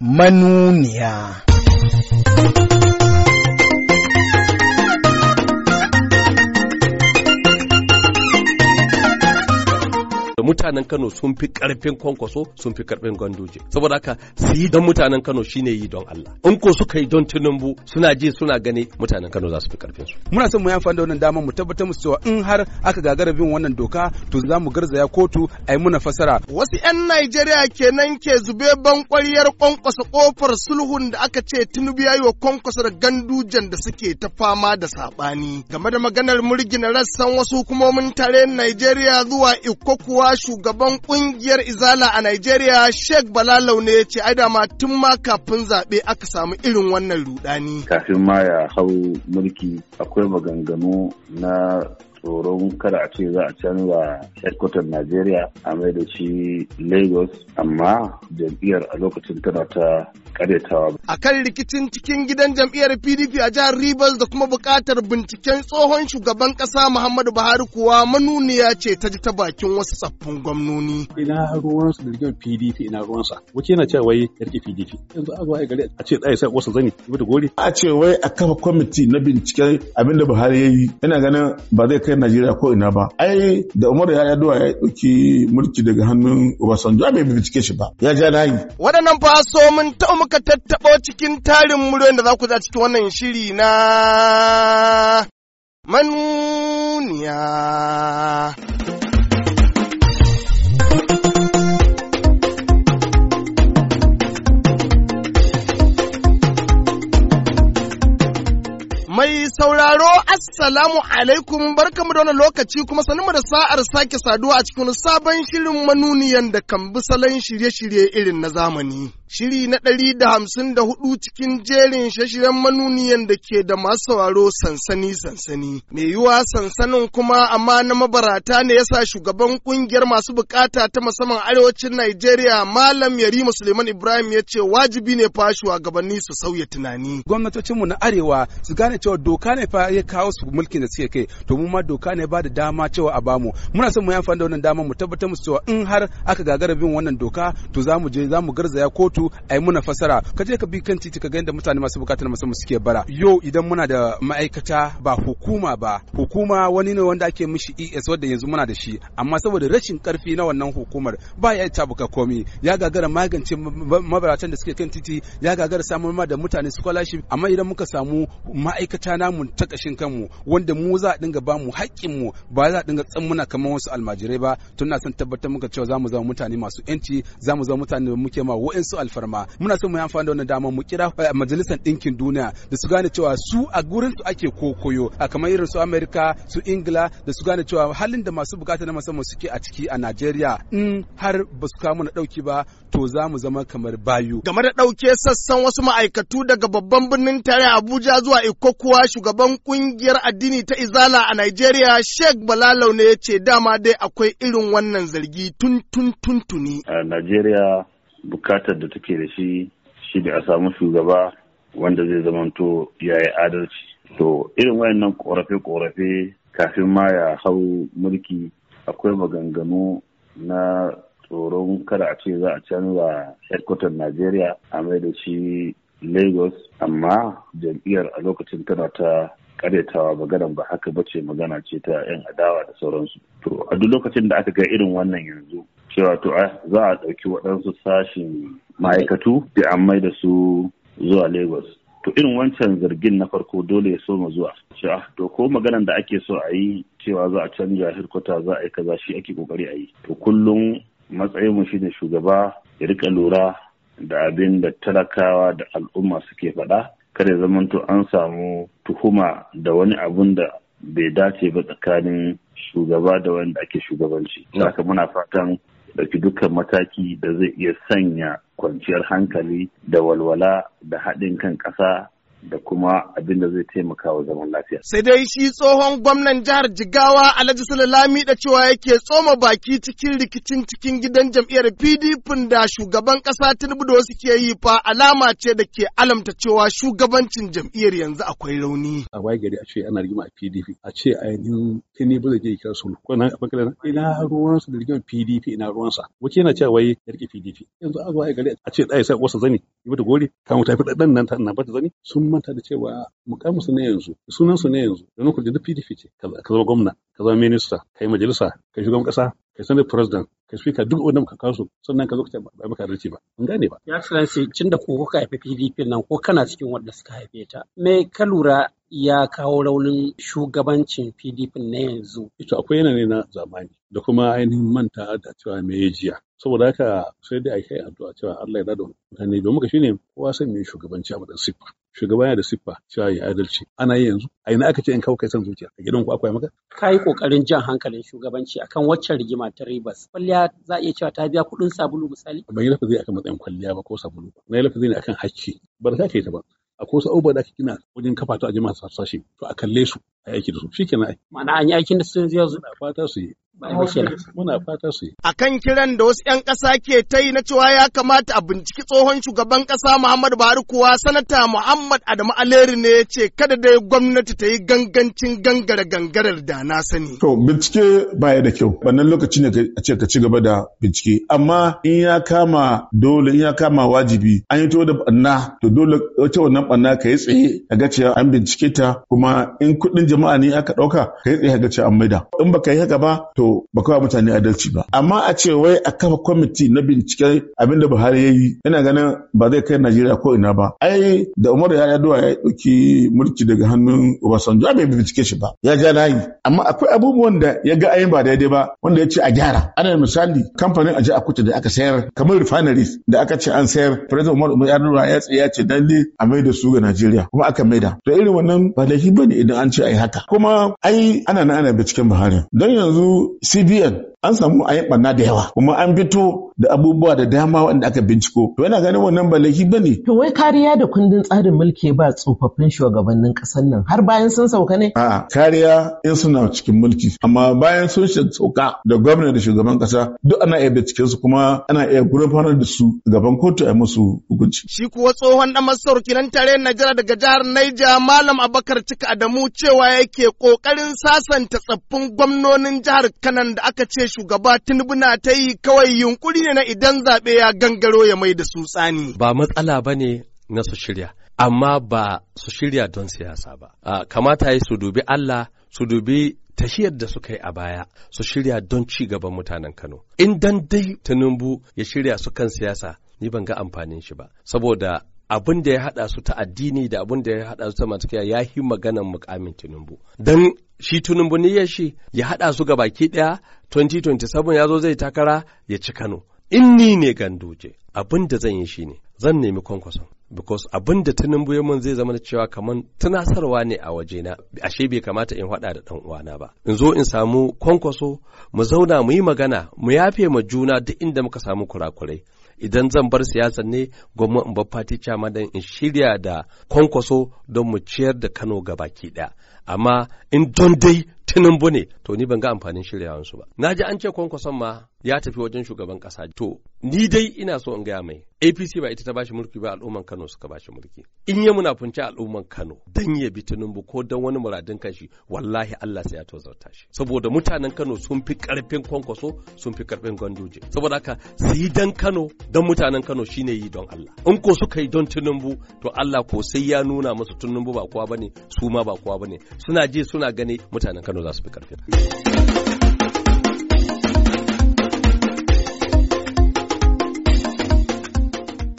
manuniya. mutanen Kano sun fi karfin kwankwaso sun fi karfin gandoje saboda haka su yi don mutanen Kano shine yi don Allah in ko suka yi don Tinubu suna ji suna gani mutanen Kano za su fi karfin su muna son mu yi amfani da wannan dama mu tabbatar musu cewa in har aka gagara bin wannan doka to za mu garzaya kotu a yi muna fasara wasu 'yan Najeriya kenan ke zube ban kwaryar kwankwasa kofar sulhun da aka ce Tinubu ya yi wa kwankwaso da gandujan da suke ta fama da saɓani game da maganar murgina rassan wasu hukumomin tare Najeriya zuwa ikokuwa shugaban kungiyar Izala a Najeriya Sheikh Bala Laune ya ce ai dama tun ma kafin zaɓe aka samu irin wannan rudani. Kafin ma ya hau mulki akwai maganganu na tsoron kada a ce za a canza headquarter Najeriya a mai da shi Lagos amma jam'iyyar a lokacin tana ta karetawa. A kan rikicin cikin gidan jam'iyyar PDP a jihar Rivers da kuma buƙatar binciken tsohon shugaban ƙasa Muhammadu Buhari kuwa manuniya ce ta ji ta bakin wasu tsaffin gwamnoni. Ina ruwan su da rigar PDP ina ruwan sa. Wace yana cewa wai yarki PDP. Yanzu a zuwa gari a ce tsaye sai wasu zani da gori. A ce wai a kafa kwamiti na binciken abinda Buhari ya yi. Ina ganin ba zai kai 'yan Najeriya ko ina ba. Ai da Umaru ya yaduwa ya ɗauki mulki daga hannun Obasanjo bai bincike shi ba. Ya ja nayi. Waɗannan fa so mun ta muka tattaɓo cikin tarin muryoyin da za ku za cikin wannan shiri na manuniya. Mai sauraro Assalamu alaikum barkamu da wani lokaci kuma sanmu da sa'ar sake saduwa a cikin sabon shirin manuniyan da kan bi salon shirye-shirye irin na zamani. shiri na ɗari da hamsin da hudu cikin jerin shashiren manuniyan da ke da masu sauraro sansani-sansani. Mai yiwuwa sansanin kuma amma na mabarata ne ya sa shugaban kungiyar masu bukata ta musamman arewacin Najeriya Malam Yari Musulman Ibrahim ya ce wajibi ne fa shugabanni su sauya tunani. Gwamnatocinmu na arewa su gane cewa doka ne fa ya kawo su mulkin da suke kai to mu ma doka ne ba da dama cewa a bamu. Muna son mu yi amfani da wannan dama mu tabbatar mu cewa in har aka gagara bin wannan doka to za mu je za mu garzaya kotu karatu a yi muna fasara ka je ka bi kan titi ka ga yadda mutane masu bukatar musamman suke bara yau idan muna da ma'aikata ba hukuma ba hukuma wani ne wanda ake mishi es wanda yanzu muna da shi amma saboda rashin karfi na wannan hukumar ba ya buka komi ya gagara magance mabaratan da suke kan titi ya gagara samun ma da mutane scholarship amma idan muka samu ma'aikata namu ta kashin kanmu wanda mu za a dinga ba mu haƙƙin mu ba za a dinga muna kamar wasu almajirai ba tun na son tabbatar muka cewa za mu zama mutane masu yanci za mu zama mutane da muke ma al alfarma muna son mu yi amfani da wannan dama mu kira eh, majalisar ɗinkin duniya da su gane cewa su a gurin su ake kokoyo a kamar irin su Amerika su Ingila da su gane cewa halin da masu bukata na musamman suke a ciki a Najeriya in har ba su kawo mana ɗauki ba to za mu zama kamar bayu. Game da ɗauke sassan wasu ma'aikatu daga babban birnin tare Abuja zuwa Ikokuwa shugaban kungiyar addini ta Izala a nigeria Sheikh Balalau ne ya ce dama dai akwai irin wannan zargi tun tun tuni. A Najeriya bukatar da take da shi shi da a samu shugaba wanda zai zamanto ya yi adalci to irin wayannan korafe-korafe kafin ma ya hau mulki akwai maganganu na tsoron kada a ce za a canza headquarter najeriya a mai da shi lagos amma jam'iyyar a lokacin tana ta karyatawa maganan ba haka bace magana ce ta 'yan adawa da sauransu to a duk lokacin da aka ga irin wannan yanzu cewa to ah, za a ɗauki waɗansu sashen ma'aikatu da an mai da su zuwa Lagos. To irin wancan zargin na farko dole ya so mu zuwa. Cewa ah, to ko maganan da ake so a yi cewa za a canja hirkota za a yi kaza shi ake kokari a yi. To kullum matsayin mu shine shugaba ya rika lura da abin da talakawa da al'umma suke faɗa. Kada ya zamanto an samu tuhuma da wani abun da bai dace ba tsakanin shugaba da wanda ake shugabanci. Saka muna fatan ɗauki dukkan mataki da zai iya sanya kwanciyar hankali da walwala da haɗin kan ƙasa da kuma abin da zai taimaka wa zaman lafiya. Sai dai shi tsohon gwamnan jihar Jigawa Alhaji Sulalami da cewa yake tsoma baki cikin rikicin cikin gidan jam'iyyar PDP da shugaban ƙasa Tinubu da wasu ke yi fa alama ce da ke alamta cewa shugabancin jam'iyyar yanzu akwai rauni. A waye gari a ce ana rigima a PDP a ce ainihin Tinubu zai je kira su ko na a bangaren ina ruwansa da rigimar PDP ina ruwansa wace yana cewa wai ya rike PDP yanzu a waye gari a ce ɗaya sai wasa zani ya bata gori kan fi ɗan nan ta nan ta zani sun mun manta da cewa mukamin su ne yanzu sunan su ne yanzu da da duk PDP ce ka zama gwamna ka zama minista ka yi majalisa ka shugaban kasa ka sanar president ka speaker duk wanda muka kasu sannan ka zo ka ce ba maka ba ban gane ba ya excellency cin da ku kuka haifi PDP nan ko kana cikin wanda suka haife ta me ka lura ya kawo raunin shugabancin PDP na yanzu to akwai yanayi na zamani da kuma ainihin manta da cewa me jiya saboda haka sai dai a kai addu'a cewa Allah ya dada mutane domin ka shine kowa san me shugabanci a madan siffa shugaba yana da siffa cewa ya adalci ana yi yanzu a ina aka ce in kawo kai san zuciya a gidan ku akwai maka ka yi kokarin jan hankalin shugabanci akan waccan rigima ta ribas kwalliya za a iya cewa ta biya kuɗin sabulu misali ban yi lafazi akan matsayin kwalliya ba ko sabulu na yi lafazi ne akan hakki ba da ta yi ta ba a ko sa'o da ake gina wajen kafa ta a jama'a sashe to a kalle su aiki da su shi kenan ma'ana an yi aikin da sun zai zuwa fata su yi muna fata su yi a kan kiran da wasu 'yan ƙasa ke ta yi na cewa ya kamata a binciki tsohon shugaban ƙasa Muhammadu buhari kuwa sanata muhammad adamu aleri ne ya ce kada dai gwamnati ta yi gangancin gangara gangarar da na sani to bincike ba ya da kyau wannan lokaci ne a ce ka ci gaba da bincike amma in ya kama dole in ya kama wajibi an yi to da banna to dole wata wannan banna ka yi tsaye a ga cewa an bincike ta kuma in kuɗin jama'a ne aka ɗauka kai tsaye haka ce an maida in baka yi haka ba to baka ba mutane adalci ba amma a ce wai a kafa kwamiti na bincike abinda Buhari ya yi ina ganin ba zai kai Najeriya ko ina ba ai da Umaru ya yaduwa ya ɗauki mulki daga hannun Obasanjo bai bincike shi ba ya ja layi amma akwai abubuwan da ya ga ayin ba daidai ba wanda ya ce a gyara ana misali kamfanin aji a kuta da aka sayar kamar refineries da aka ce an sayar President Umaru ya ya ce dalle a da su ga Najeriya kuma aka maida to irin wannan ba laifi ne idan an ce a yi haka kuma ai ana na ana binciken buhari don yanzu cbn an samu a yi ɓanna da yawa kuma an fito da abubuwa da dama wanda aka binciko to yana ganin wannan ba laifi bane to wai kariya da kundin tsarin mulki ba tsofaffin shugabannin ƙasar nan har bayan sun sauka ne a'a kariya in suna cikin mulki amma bayan sun sauka da gwamna da shugaban ƙasa duk ana iya binciken su kuma ana iya gurfanar da su gaban kotu a musu hukunci shi kuwa tsohon dan nan tare Najeriya daga jihar Niger Malam Abakar Cika Adamu cewa yake kokarin sasanta tsaffin gwamnonin jihar Kanan da aka ce shugaba Tinubu na ta yi kawai yunkuri ne na idan zaɓe ya gangaro ya mai da su tsani. Ba matsala ba ne na su shirya, amma ba su shirya don siyasa ba. kamata yi su dubi Allah, su dubi tashiyar da suka yi a baya su shirya don ci gaban mutanen Kano. In dan dai Tinubu ya shirya su kan siyasa, ni ban ga amfanin shi ba. Saboda abin da ya haɗa su ta addini da abin da ya haɗa su ta matakiya ya yi maganan mukamin Tinubu. Don shi tunumbu niyyar shi ya haɗa su ga baki ɗaya 2027 ya zo zai takara ya ci Kano. In ni ne ganduje abin da zan yi shi ne zan nemi Kwankwaso. Because abin da tunumbu ya mun zai zama da cewa kamar tunasarwa ne a waje na, ashe bai kamata in haɗa da ɗan uwana ba. In zo in samu kwankwaso mu zauna mu yi magana mu yafe ma juna duk inda muka samu kurakurai. idan zan bar siyasa ne gwamnati in bar fati in shirya da kwankwaso don mu ciyar da Kano ga baki ɗaya. amma in don dai bu ne to ni ban ga amfanin shiryawansu ba na ji an ce kwankwason ma ya tafi wajen shugaban kasa to ni dai ina so in gaya mai APC ba ita ta bashi mulki ba al'umman Kano suka bashi mulki in ya munafunci al'umman Kano dan ya bi tunumbu ko dan wani muradin kanshi wallahi Allah sai ya tozarta shi saboda mutanen Kano sun fi karfin kwankwaso sun fi karfin ganduje saboda haka su yi dan Kano dan mutanen Kano shine yi don Allah in ko suka yi don tunumbu to Allah ko sai ya nuna musu tunumbu ba kowa bane su ma ba kowa bane suna je suna gani mutanen Kano za su fi karfin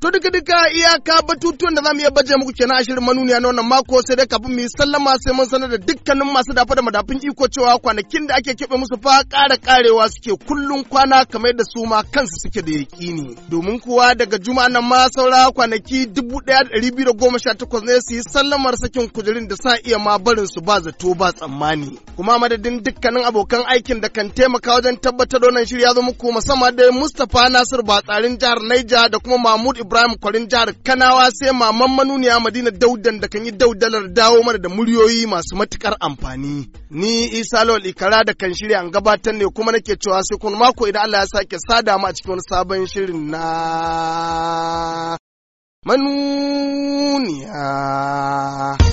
To duka duka iyaka batutuwan da zamu iya baje muku kenan a shirin manuniya na wannan mako sai dai kafin mu yi sallama sai mun sanar da dukkanin masu dafa da madafin iko cewa kwanakin da ake keɓe musu fa ƙara ƙarewa suke kullun kwana kamar da su ma kansu suke da yaƙini. Domin kuwa daga juma'a nan ma saura kwanaki dubu ɗaya da ɗari biyu da goma sha takwas ne su yi sallamar sakin kujerin da sa iya ma barin su ba zato ba tsammani. Kuma madadin dukkanin abokan aikin da kan taimaka wajen tabbatar da wannan shirya zo muku musamman da Mustapha Nasir Batsarin jihar neja da kuma Mahmud Ibrahim Kwarin jihar Kanawa sai maman manuniya Madina Daudan da kan yi daudalar dawo mana da muryoyi masu matukar amfani. Ni Isa Lawal Ikara da kan shirya an gabatar ne kuma nake cewa sai kun mako idan Allah ya sake sada mu a cikin wani sabon shirin na manuniya.